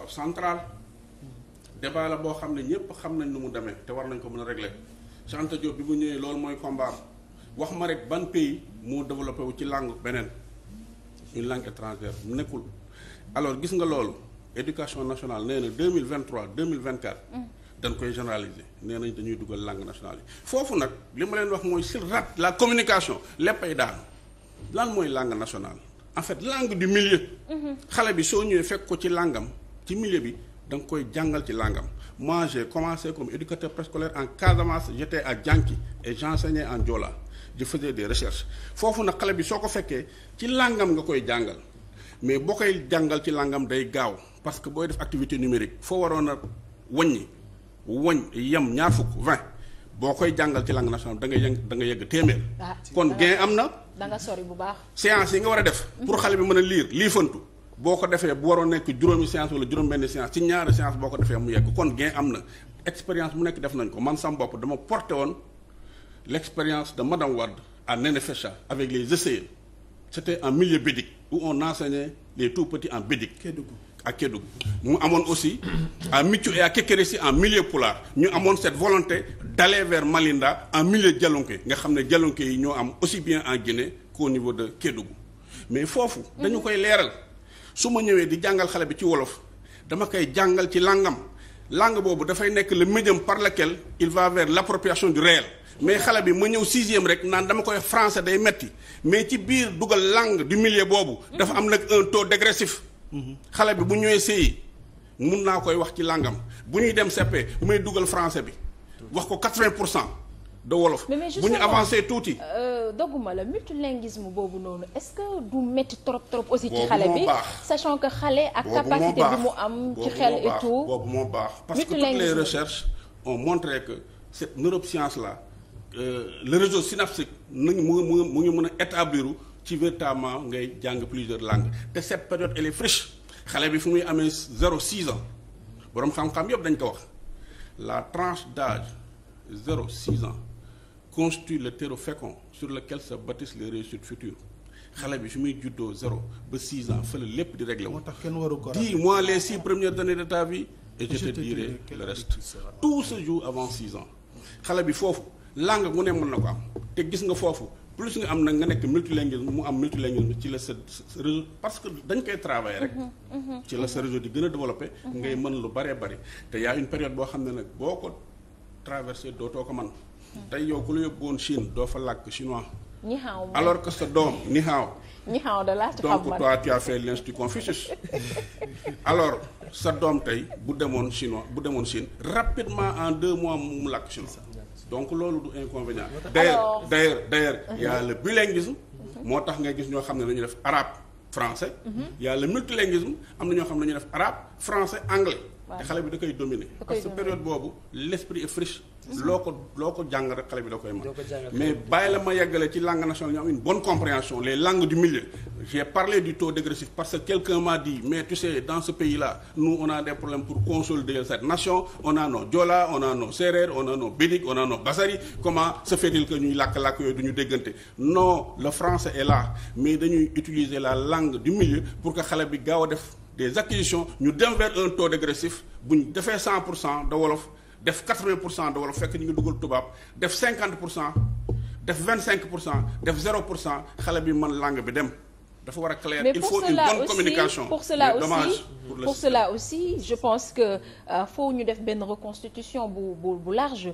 waaw central débat la boo xam ne ñëpp xam nañ nu mu demee te war nañ ko mën a régler Cheikh Anta bi mu ñëwee loolu mooy combat wax ma rek ban pays mu développé wu ci langue beneen une langue étrangère nekkul alors gis nga loolu éducation nationale nee na 2023 2024 dañ koy généraliser nee nañ dañuy dugal langue nationale yi foofu nag li ma leen wax mooy si rat la communication léppay daanu lan mooy langue nationale en fait langue du milieu mhm. xale bi soo ñëwee fekk ko ci làngam ci milieu bi da nga koy jàngal ci langam moi j'ai commencé comme éducateur préscolaire en Casamance j'étais à Dianki et j'enseignais en Diola je faisais des recherches foofu nag xale bi soo ko fekkee ci langam nga koy jàngal mais boo koy jàngal ci langam day gaaw parce que booy def activité numérique foo waroon a wàññi wàññ yem ñaar fukk vingt boo koy jàngal ci langue nationale da nga yëng da nga yegg téeméer ah, kon ah. gain am na bu baax séance yi nga war a def pour xale bi mën a lire lii fantu boo ko defee bu waroon nekk juróomi séance wala juróom-benn séance ci ñaari séance boo ko defee mu yegg kon gain am na expérience mu nekk def nañ ko man sam bopp dama porte woon l' expérience de madame Wade à Néné-Fesha avec les essais en milieu bédique où on enseignait les tout petits en bédique. Kédougou ak Kédougou mu amoon aussi à Mithio et à Kékérési en milieu pulaar ñu amoon cette volonté d' vers Malinda en milieu jalonke nga xam ne jalonke yi ñoo am aussi bien en Guinée qu'au niveau de Kédougou mais foofu dañu koy leeral. su ma ñëwee di jàngal xale bi ci wolof dama koy jàngal ci làngam langue boobu dafay nekk le médium par lequel il va vers l'appropriation du réel mais xale bi ma ñëw sixième rek naan dama koy français day metti mais ci biir dugal langue du millier boobu dafa am nag un taux dégressif xale bi bu ñëwee séyi mun naa koy wax ci làngam bu ñuy dem CP bu may dugal français bi wax ko quatre pour cent de wolof. bu ñu avancé tuuti. Euh, dogguma la multilinguisme boobu noonu est-ce que du métti trop trop. aussi ci xale bi sachant que xale ak capacité bi mu am. ci xel boobu moo baax parce que toutes les recherches ont montré que cette neuroscience la euh, le réseau synaptique nañ mu mu mu ñu mën a établir ci véritablement ngay jàng plusieurs langues te cette période elle est fraîche xale bi fu muy amee zéro six ans boroom xam-xam yëpp dañ ko wax la tranche d'âge zéro six ans. constitue le terreau fécond sur lequel se bâtissent les réussites futures xale bi su muy juddoo zéro ba six ans fële lépp di réglé moo tax kenn waru ko dis-moi les six premières années de ta vie et avant six ans xale bi foofu langue mu ne mën na ko am te gis nga foofu plus nga am nag nga nekk multilinguisme mu am multilinguisme ci la sa réseau parce que dañ koy travailler rek mhm, mhm. ci la sa réseau di gën a développé mhm. ngay mën lu bëree bëri te y une période boo xam ne nag boo ko traversé dootoo ko man tey yow ku la yóbbuwoon Chine doo fa làkk chinois. ñi xaaw alors que sa doom ñi xaaw. ñi xaaw de laa ci donc toi tu as fait sa doom tey bu demoon chinois bu demoon Chine rapidement en deux mois mu làkk chinois donc loolu du inconvénient. d'ailleurs d'ailleurs d'ailleurs y a le moo tax ngay gis ñoo xam ne dañuy def arabe français. Mhm. y a le multilinguisme am na ñoo xam ne dañuy def arabe français anglais. te xale bi da koy dominer parce que période boobu l' esprit est loo ko loo ko jàng rek xale bi da koy mais bàyyi la ma yeggale ci langue nationale ñu am une bonne compréhension les du milieu j'ai parlé du taux dégressif parce que quelqu'un m'a dit mais tu dans ce pays là nous on a des problèmes pour consolider cette nation on a nos Jola on a nos Serer on a nos Bédik on a nos Bassari comment se fait-il ñuy làkk-làkk yooyu du ñu déggante mais dañuy utiliser la langue du pour que xale bi gaaw a des acquisitions ñu dem vers un taux dégressif bu ñu defee 100 pour cent de wolof def 80 pour cent de wolof fekk ñu ngi dugal tubaab def def def xale bi mën langue bi dem. dafa war a clair il faut une bonne pour cela aussi je pense que euh, ñu def benn reconstitution bu large.